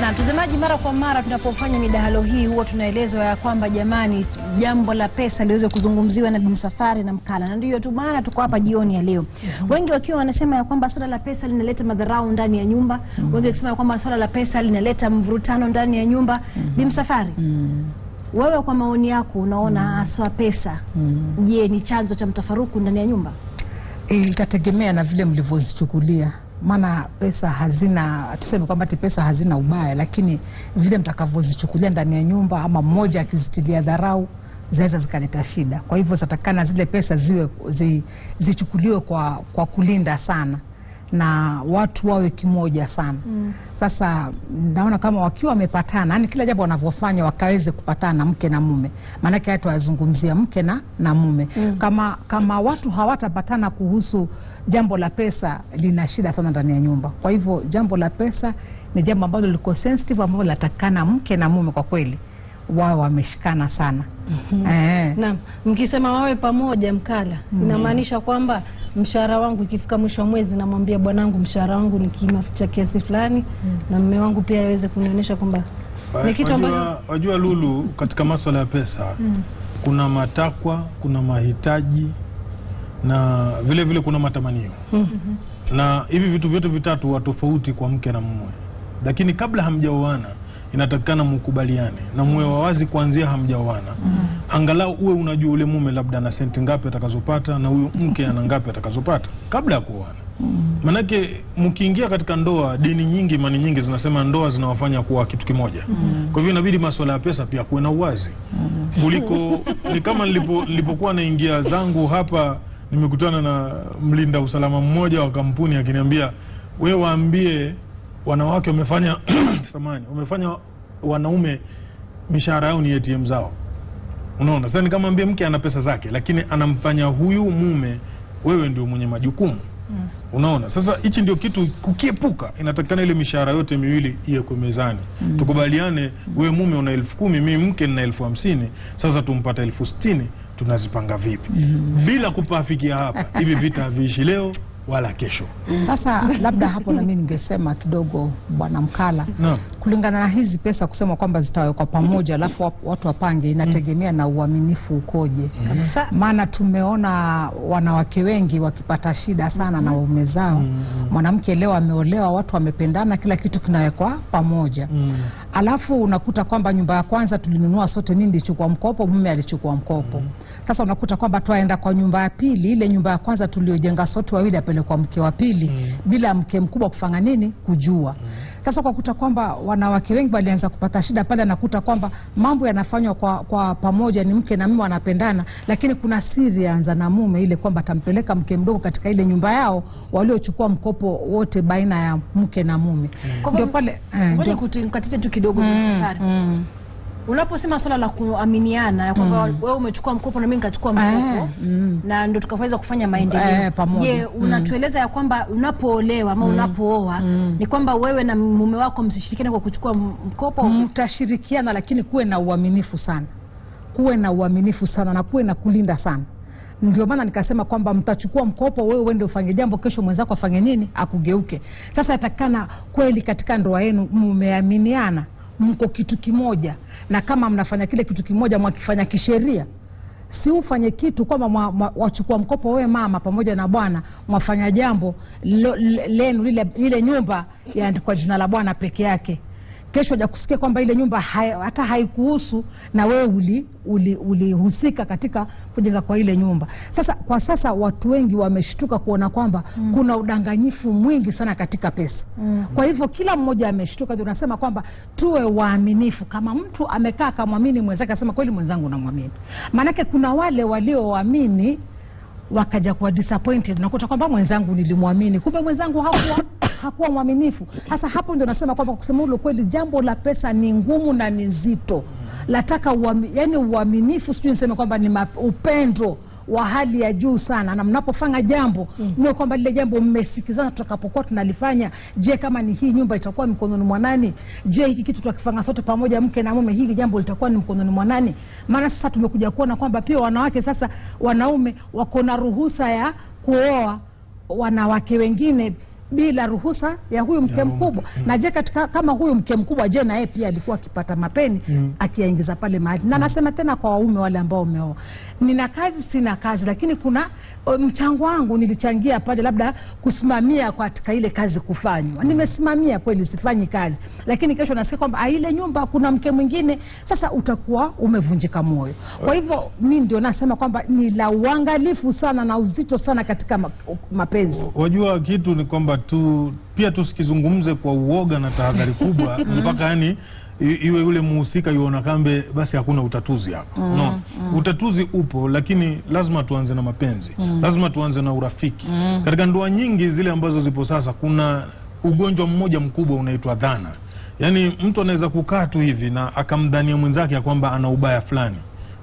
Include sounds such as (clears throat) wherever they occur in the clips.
Na mtazamaji, mara kwa mara tunapofanya midahalo hii huwa tunaelezwa ya kwamba jamani, jambo la pesa liweze kuzungumziwa na Bimsafari na Mkala, na ndio tu maana tuko hapa jioni ya leo mm -hmm. Wengi wakiwa wanasema ya kwamba swala la pesa linaleta madharau ndani ya nyumba mm -hmm. Wengi wakisema ya kwamba swala la pesa linaleta mvurutano ndani ya nyumba mm -hmm. Bimsafari mm -hmm. Wewe kwa maoni yako unaona mhm. haswa pesa mm -hmm. Je, ni chanzo cha mtafaruku ndani ya nyumba? Eh, itategemea na vile mlivyoichukulia maana pesa hazina, tuseme kwamba ti pesa hazina ubaya, lakini vile mtakavyozichukulia ndani ya nyumba, ama mmoja akizitilia dharau zaweza zikaleta shida. Kwa hivyo zatakana zile pesa ziwe zi, zichukuliwe kwa, kwa kulinda sana na watu wawe kimoja sana mm. Sasa naona kama wakiwa wamepatana, yani kila jambo wanavyofanya wakaweze kupatana mke na mume, maanake hata wazungumzia mke na, na mume mm. Kama, kama watu hawatapatana kuhusu jambo la pesa, lina shida sana ndani ya nyumba. Kwa hivyo jambo la pesa ni jambo ambalo liko sensitive, ambalo linatakikana mke na mume kwa kweli wao wameshikana sana mm -hmm. eh. Naam, mkisema wawe pamoja mkala mm -hmm. inamaanisha kwamba mshahara wangu ikifika mwisho wa mwezi namwambia bwanangu, mshahara wangu ni kimaficha kiasi fulani mm -hmm. na mme wangu pia aweze kunionyesha kwamba ni kitu ambacho wajua Lulu, mm. katika masuala ya pesa mm -hmm. kuna matakwa, kuna mahitaji na vile vile kuna matamanio mm -hmm. na hivi vitu vyote vitatu wa tofauti kwa mke na mume, lakini kabla hamjaoana inatakikana mukubaliane na muwe wawazi kuanzia hamjaoana. mm Angalau uwe unajua ule mume labda ana senti ngapi atakazopata na huyu mke ana ngapi atakazopata kabla ya kuoana. mm Manake mkiingia katika ndoa, dini nyingi, imani nyingi zinasema ndoa zinawafanya kuwa kitu kimoja. mm Kwa hivyo inabidi masuala ya pesa pia kuwe na uwazi mm kuliko (laughs) Ni kama nilipokuwa naingia zangu hapa nimekutana na mlinda usalama mmoja wa kampuni akiniambia, we waambie wanawake wamefanya (clears throat) samani umefanya wanaume mishahara yao ni ATM zao. Unaona, sasa ni kama ambie mke ana pesa zake, lakini anamfanya huyu mume, wewe ndio mwenye majukumu mm. Unaona, sasa hichi ndio kitu kukiepuka, inatakikana ile mishahara yote miwili iwekwe mezani mm. Tukubaliane, mm. wewe mume una elfu kumi mimi mke nina elfu hamsini sasa tumpata elfu sitini tunazipanga vipi? mm. Bila kupafikia hapa, hivi vita haviishi leo wala kesho. Sasa labda hapo na mimi ningesema kidogo, Bwana Mkala no. Kulingana na hizi pesa kusema kwamba zitawekwa pamoja alafu watu wapange, inategemea na uaminifu ukoje, maana tumeona wanawake wengi wakipata shida sana na waume zao. Mm. Mwanamke leo ameolewa, watu wamependana, kila kitu kinawekwa pamoja mm alafu unakuta kwamba nyumba ya kwanza tulinunua sote, mimi nilichukua mkopo, mume alichukua mkopo. Mm. Sasa unakuta kwamba twaenda kwa nyumba ya pili, ile nyumba ya kwanza tuliojenga sote wawili apelekwa mke wa pili, mm. bila mke mkubwa kufanya nini, kujua. Mm. Sasa kwa kuta kwamba wanawake wengi walianza kupata shida pale, anakuta kwamba mambo yanafanywa kwa, kwa pamoja, ni mke na mume wanapendana, lakini kuna siri yaanza na mume ile kwamba atampeleka mke mdogo katika ile nyumba yao waliochukua mkopo wote baina ya mke na mume. Mm. Ndio pale eh, ndio tu kidogo mm, Unaposema swala la kuaminiana kwamba mm. wewe umechukua mkopo na mimi nikachukua mkopo eh, mm. na ndio tukaweza kufanya maendeleo eh, Je, mm. unatueleza ya kwamba unapoolewa ama mm. unapooa mm. ni kwamba wewe na mume wako msishirikiane kwa kuchukua mkopo? Mm. Mtashirikiana, lakini kuwe na uaminifu sana, kuwe na uaminifu sana na kuwe na kulinda sana ndio maana nikasema kwamba mtachukua mkopo, wewe uende ufanye jambo, kesho mwenzako afanye nini, akugeuke. Sasa atakana kweli katika ndoa yenu mmeaminiana mko kitu kimoja, na kama mnafanya kile kitu kimoja mwakifanya kisheria, si ufanye kitu kwamba wachukua mkopo wewe mama pamoja na bwana mwafanya jambo lenu lile, ile nyumba yaandikwa jina la bwana peke yake kesho kusikia kwamba ile nyumba hai, hata haikuhusu na wewe ulihusika uli, uli katika kujenga kwa ile nyumba. Sasa kwa sasa watu wengi wameshtuka kuona kwamba mm. kuna udanganyifu mwingi sana katika pesa mm. kwa hivyo kila mmoja ameshtuka, tunasema kwamba tuwe waaminifu. Kama mtu amekaa akamwamini mwenzake asema kweli, mwenzangu namwamini, maanake kuna wale walioamini wakaja kuwa disappointed, nakuta kwamba mwenzangu nilimwamini, kumbe mwenzangu hakuwa hakuwa mwaminifu. Sasa hapo ndio nasema kwamba kusema ule kweli, jambo la pesa ni ngumu na ni zito, lataka uami, yani uaminifu, sijui niseme kwamba ni upendo wa hali ya juu sana, na mnapofanya jambo mm. mwe kwamba lile jambo mmesikizana, tutakapokuwa tunalifanya. Je, kama ni hii nyumba itakuwa mikononi mwa nani? Je, hiki kitu tutakifanya sote pamoja, mke na mume, hili jambo litakuwa ni mkononi mwa nani? Maana sasa tumekuja kuona kwamba pia wanawake sasa, wanaume wako na ruhusa ya kuoa wanawake wengine bila ruhusa ya huyu mke mkubwa mm. na je katika kama huyu mke mkubwa je na yeye pia alikuwa akipata mapeni mm. akiyaingiza pale mahali na mm. nasema tena kwa waume wale ambao umeoa nina kazi sina kazi lakini kuna mchango wangu nilichangia pale labda kusimamia katika ile kazi kufanywa mm. nimesimamia kweli sifanyi kazi lakini kesho nasikia kwamba ah, ile nyumba kuna mke mwingine sasa utakuwa umevunjika moyo kwa hivyo mi ndio nasema kwamba ni la uangalifu sana na uzito sana katika mapenzi wajua kitu ni kwamba tu pia tusikizungumze kwa uoga na tahadhari kubwa (laughs) mm-hmm. mpaka yani iwe yule muhusika yuona kambe basi hakuna utatuzi hapa. Mm, no. Mm. Utatuzi upo lakini lazima tuanze na mapenzi. Mm. Lazima tuanze na urafiki. Mm. Katika ndoa nyingi zile ambazo zipo sasa kuna ugonjwa mmoja mkubwa unaitwa dhana. Yaani mtu anaweza kukaa tu hivi na akamdhania mwenzake ya kwamba ana ubaya fulani.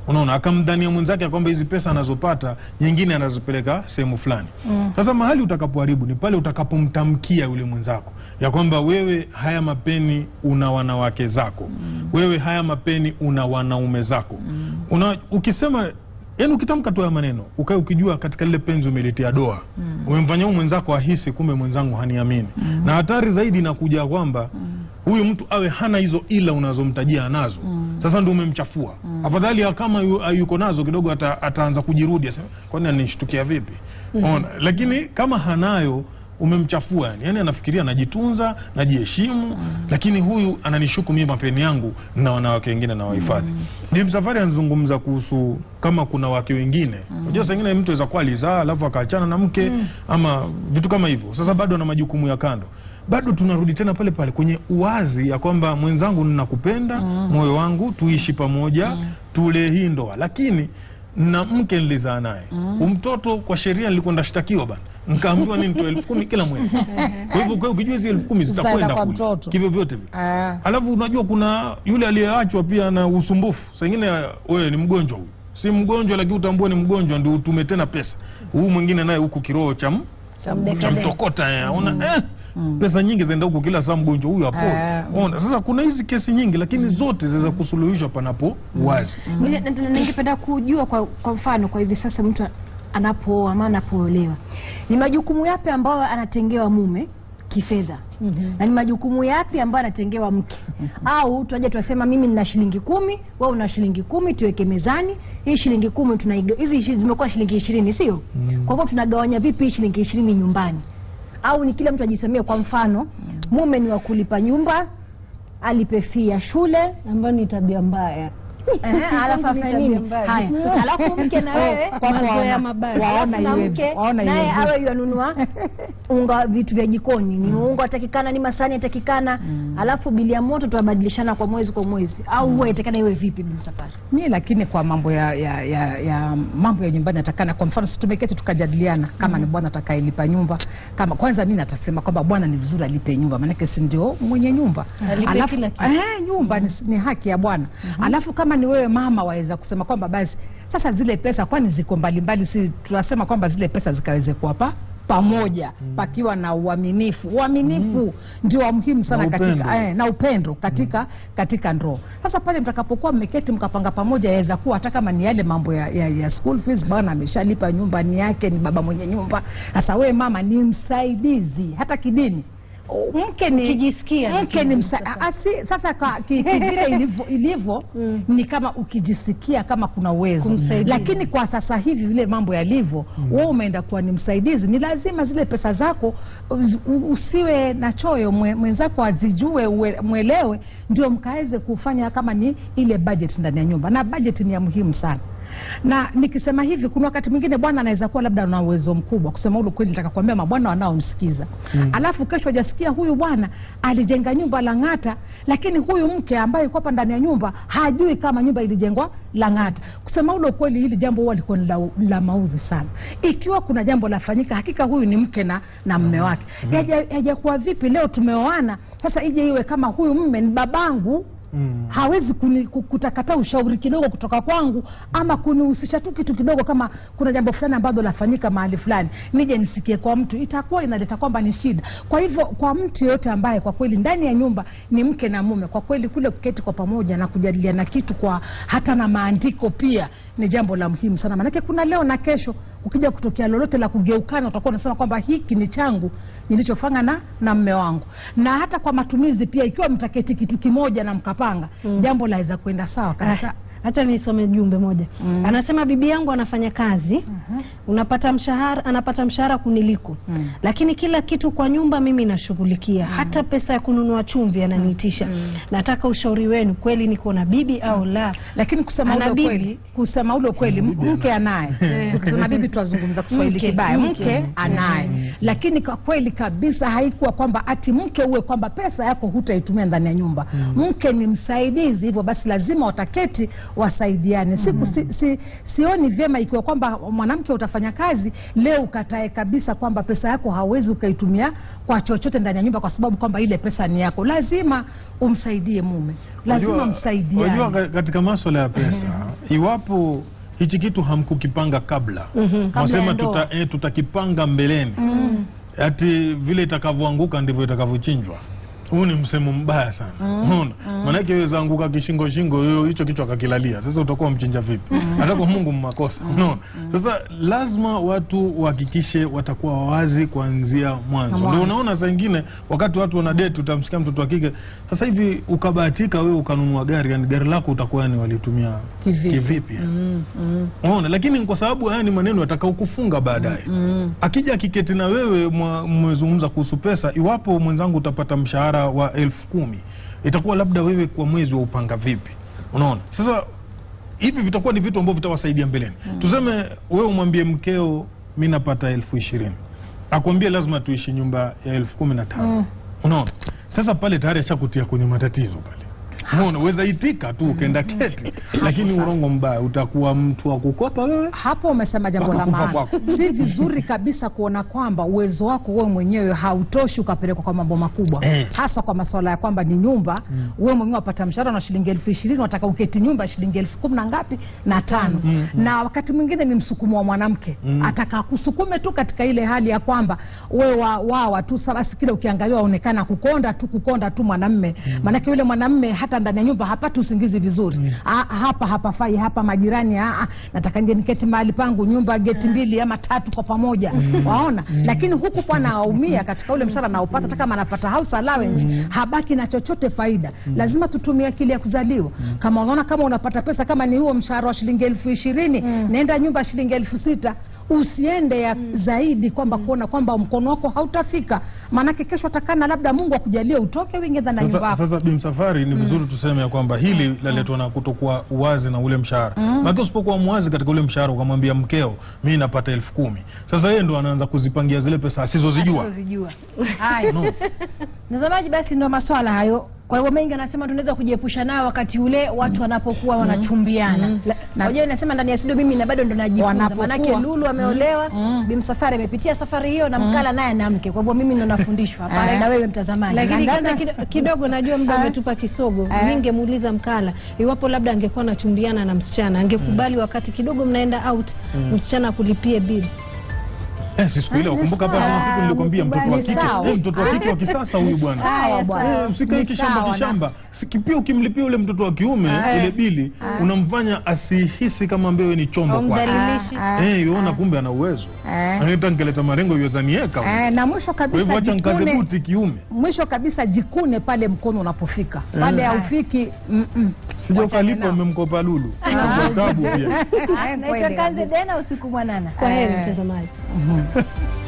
Unaona, akamdhania mwenzake kwamba hizi pesa anazopata nyingine anazopeleka sehemu fulani mm. Sasa mahali utakapoharibu ni pale utakapomtamkia yule mwenzako ya kwamba wewe haya mapeni una wanawake zako mm. Wewe haya mapeni una wanaume zako mm. Una, ukisema yaani ukitamka tu haya maneno ukae ukijua katika lile penzi umelitia doa mm. Umemfanya huyu mwenzako ahisi kumbe mwenzangu haniamini mm. Na hatari zaidi inakuja kwamba mm. huyu mm. mtu awe hana hizo ila unazomtajia anazo mm. Sasa ndio umemchafua mm. Afadhali kama yuko nazo kidogo ata, ataanza kujirudi asema kwani anishtukia vipi? mm mm-hmm. Ona, lakini kama hanayo umemchafua yani, yani anafikiria anajitunza, najiheshimu mm. Lakini huyu ananishuku mimi mapeni yangu na wanawake wengine na wahifadhi mm. Jim Safari anazungumza kuhusu kama kuna wake wengine mm. unajua, mm. saa mtu aweza kuwa alizaa alafu akaachana na mke mm. ama vitu kama hivyo, sasa bado ana majukumu ya kando bado tunarudi tena pale pale kwenye uwazi ya kwamba mwenzangu, ninakupenda mm. moyo mm. wangu, tuishi pamoja mm. tule hii ndoa, lakini na mke nilizaa naye mm. umtoto kwa sheria nilikuwa ndashtakiwa bana, nkaambiwa ni mtoe elfu kumi kila mwezi. Kwa hivyo kwa ukijua hizi elfu kumi zitakwenda kule kivyo vyote vile. Ah. Alafu unajua kuna yule aliyeachwa pia na usumbufu, saa wewe ni mgonjwa huyu, si mgonjwa lakini utambua ni mgonjwa, ndio utume tena pesa huu mwingine naye huku kiroho cha mtokota, eh, mm. eh mm. pesa nyingi zaenda huko kila saa mgonjwa huyu apone. Eh, mm. Ona sasa kuna hizi kesi nyingi, lakini mm. zote zinaweza mm. kusuluhishwa panapo mm. wazi. Ningependa kujua kwa, kwa mfano kwa hivi sasa mtu anapooa ama anapoolewa ni majukumu yapi ambayo anatengewa mume kifedha mm -hmm. na ni majukumu yapi ambayo anatengewa mke mm -hmm. au tuaje tuasema mimi nina shilingi kumi wewe una shilingi kumi tuweke mezani hii shilingi kumi tunaiga hizi zimekuwa shilingi ishirini sio mm -hmm. kwa hivyo tunagawanya vipi hii shilingi ishirini nyumbani au ni kila mtu ajisemee. Kwa mfano, mume ni wa kulipa nyumba, alipe fee ya shule, ambayo ni tabia mbaya alafu afanye nini? Haya, (laughs) alafu mke na wewe eh, mazoea mabaya, na mke naye awe yanunua (laughs) unga, vitu vya jikoni ni mm. unga atakikana, ni masani atakikana, mm. alafu bili ya moto tunabadilishana kwa mwezi kwa mwezi, au mm. huwa itakana iwe vipi? mimi lakini kwa mambo ya ya, ya, ya mambo ya nyumbani atakana, kwa mfano tumeketi tukajadiliana kama ni bwana atakayelipa nyumba, kama kwanza mimi natasema kwamba bwana ni vizuri alipe nyumba, maanake si ndio mwenye nyumba, alafu eh, nyumba ni, haki ya bwana, mm-hmm. alafu kama kama ni wewe mama, waweza kusema kwamba basi sasa zile pesa kwani ziko mbalimbali, si tunasema kwamba zile pesa zikaweze kuwapa pamoja mm. pakiwa na uaminifu. Uaminifu mm. ndio muhimu sana na upendo, katika, eh, na upendo katika, mm. katika ndoa. Sasa pale mtakapokuwa mmeketi mkapanga pamoja, yaweza kuwa hata kama ni yale mambo ya, ya, ya school fees, bwana ameshalipa nyumba ni yake, ni baba mwenye nyumba. Sasa wewe mama ni msaidizi hata kidini Oh. mke ni ukijisikia mke ni asi, sasa kwa kivile ilivyo, ilivyo (laughs) mm. ni kama ukijisikia kama kuna uwezo lakini kwa sasa hivi vile mambo yalivyo mm. wewe umeenda kuwa ni msaidizi ni lazima zile pesa zako usiwe na choyo mwenzako azijue mwelewe ndio mkaweze kufanya kama ni ile budget ndani ya nyumba na budget ni ya muhimu sana na nikisema hivi, kuna wakati mwingine bwana anaweza kuwa labda ana uwezo mkubwa, kusema ule kweli, nataka kuambia mabwana wanaomsikiza mm. Alafu kesho hajasikia huyu bwana alijenga nyumba Lang'ata, lakini huyu mke ambaye yuko hapa ndani ya nyumba hajui kama nyumba ilijengwa Lang'ata. Kusema ule kweli, hili jambo huwa liko la, la maudhi sana. Ikiwa kuna jambo lafanyika, hakika huyu ni mke na, na mme hmm. wake mm. Yajakuwa vipi leo tumeoana sasa, ije iwe kama huyu mme ni babangu mm. hawezi kutakataa ushauri kidogo kutoka kwangu ama kunihusisha tu kitu kidogo, kama kuna jambo fulani ambalo lafanyika mahali fulani, nije nisikie kwa mtu, itakuwa inaleta kwamba ni shida. Kwa hivyo kwa mtu yeyote ambaye kwa kweli ndani ya nyumba ni mke na mume, kwa kweli kule kuketi kwa pamoja na kujadiliana kitu kwa hata na maandiko pia ni jambo la muhimu sana, maanake kuna leo na kesho kukija kutokea lolote la kugeukana, utakuwa unasema kwamba hiki ni changu nilichofanya na na mme wangu. Na hata kwa matumizi pia, ikiwa mtaketi kitu kimoja na mkapanga mm. jambo laweza kwenda sawa kabisa. Eh hata nisome jumbe moja mm. anasema bibi yangu anafanya kazi uh mm-hmm. -huh. unapata mshahara, anapata mshahara kuniliko mm. lakini kila kitu kwa nyumba mimi nashughulikia mm. hata pesa ya kununua chumvi ananiitisha mm. nataka ushauri wenu, kweli niko na bibi mm. au la? Lakini kusema ule kweli, kusema ule kweli, (laughs) eh. mke anaye kusema mm. bibi, tuzungumza Kiswahili kibaya, mke anaye lakini kwa kweli kabisa haikuwa kwamba ati mke uwe kwamba pesa yako hutaitumia ndani ya nyumba mm. mke ni msaidizi, hivyo basi lazima wataketi wasaidiane. -hmm. si, si, sioni vyema ikiwa kwamba mwanamke utafanya kazi leo ukatae kabisa kwamba pesa yako hawezi ukaitumia kwa chochote ndani ya nyumba, kwa sababu kwamba ile pesa ni yako. Lazima umsaidie mume, lazima msaidie. Unajua, katika maswala ya pesa mm-hmm. iwapo hichi kitu hamkukipanga kabla, mwasema mm-hmm. tuta, eh, tutakipanga mbeleni, mm-hmm. ati vile itakavyoanguka ndivyo itakavyochinjwa huu ni msemo mbaya sana mm. mm. Maanake weza anguka kishingo shingo hiyo hicho kichwa kakilalia, sasa utakuwa mchinja vipi? Mm. hata kwa Mungu mmakosa mm, unaona. Sasa lazima watu wahakikishe watakuwa wazi kuanzia mwanzo. Ndio unaona saa nyingine wakati watu wana date utamsikia mtoto wa kike, sasa hivi ukabahatika wewe ukanunua gari, yani gari lako utakuwa yani walitumia kivipi, mm. Unaona, lakini kwa sababu haya ni maneno yatakaokufunga baadaye mm. Akija akiketi na wewe mmezungumza kuhusu pesa, iwapo mwenzangu utapata mshahara wa elfu kumi itakuwa labda wewe kwa mwezi wa upanga vipi? Unaona sasa hivi vitakuwa ni vitu ambavyo vitawasaidia mbeleni. mm. Tuseme wewe umwambie mkeo mi napata elfu ishirini akwambie lazima tuishi nyumba ya elfu kumi na tano mm. Unaona sasa pale tayari ashakutia kwenye matatizo pale. Unaona, weza itika tu ukenda mm. keti, lakini urongo mbaya utakuwa mtu wa kukopa wewe. Hapo umesema jambo la maana. Si vizuri kabisa kuona kwamba uwezo wako wewe mwenyewe hautoshi ukapelekwa kwa mambo makubwa, eh. hasa kwa masuala ya kwamba ni nyumba. Mm. Wewe mwenyewe wapata mshahara na shilingi elfu ishirini unataka uketi nyumba shilingi elfu kumi na ngapi na tano mm, mm. na wakati mwingine ni msukumo wa mwanamke mm ataka kusukume tu katika ile hali ya kwamba wewe wawa wa, tu basi, kile ukiangalia unaonekana kukonda tu kukonda tu mwanamme mm maanake yule mwanamme hata ndani ya nyumba hapati usingizi vizuri mm. Ah, hapa hapafai hapa majirani a, ah, ah, nataka nje niketi mahali pangu nyumba geti mbili ama tatu kwa pamoja mm. waona mm. lakini huku bwana aumia katika ule mshara anaopata hata kama anapata house allowance mm. habaki na chochote faida mm. lazima tutumie akili ya kuzaliwa mm. kama unaona kama unapata pesa kama ni huo mshahara wa shilingi elfu ishirini mm. naenda nyumba shilingi elfu sita usiende ya mm. zaidi kwamba mm. kuona kwamba mkono wako hautafika, maanake kesho atakana, labda Mungu akujalie utoke uingeza na nyumba yako. Sasa Bi safari ni mm. vizuri mm. tuseme ya kwamba hili mm. laletwa na kutokuwa uwazi na ule mshahara mm. maana usipokuwa mwazi katika ule mshahara ukamwambia mkeo mimi napata elfu kumi sasa yeye ndo anaanza kuzipangia zile pesa asizozijua asizozijua. (laughs) Haya mtazamaji, basi ndo maswala hayo. Kwa hiyo mengi anasema tunaweza kujiepusha nao wakati ule watu mm-hmm. wanapokuwa mm-hmm. wanachumbiana. wajua mm mm-hmm. inasema ndani ya studio mimi na bado ndo najifunza. Maanake Lulu ameolewa, mm Bimsafari amepitia safari hiyo na Mkala naye na mke. Kwa hivyo mimi ndo nafundishwa hapa eh. na wewe mtazamaji. Lakini kwanza kidogo najua muda eh. umetupa kisogo. Eh. Ningemuuliza Mkala iwapo labda angekuwa anachumbiana na msichana, angekubali mm. wakati kidogo mnaenda out, mm. msichana akulipie bill. Eh, si siku ile ukumbuka hapa kuna siku nilikwambia mtoto wa kike, eh, mtoto wa kike wa kisasa huyu bwana. Sawa bwana. Eh, Usikae kishamba kishamba. Sikipia ukimlipia ule mtoto wa kiume eh. ile bili eh. unamfanya asihisi kama wewe ni chombo kwake. Eh, yuona kumbe ana uwezo. Anaita eh. ngeleta marengo yozani yeka. Eh, na mwisho kabisa Wewe acha nkadhibuti kiume. Mwisho kabisa jikune pale mkono unapofika. Pale haufiki mm, mm. Sio kalipo umemkopa lulu. Ah. Kwa sababu pia. (laughs) Naitwa Kanze Dena usiku mwanana. Kwa heri mtazamaji. 嗯。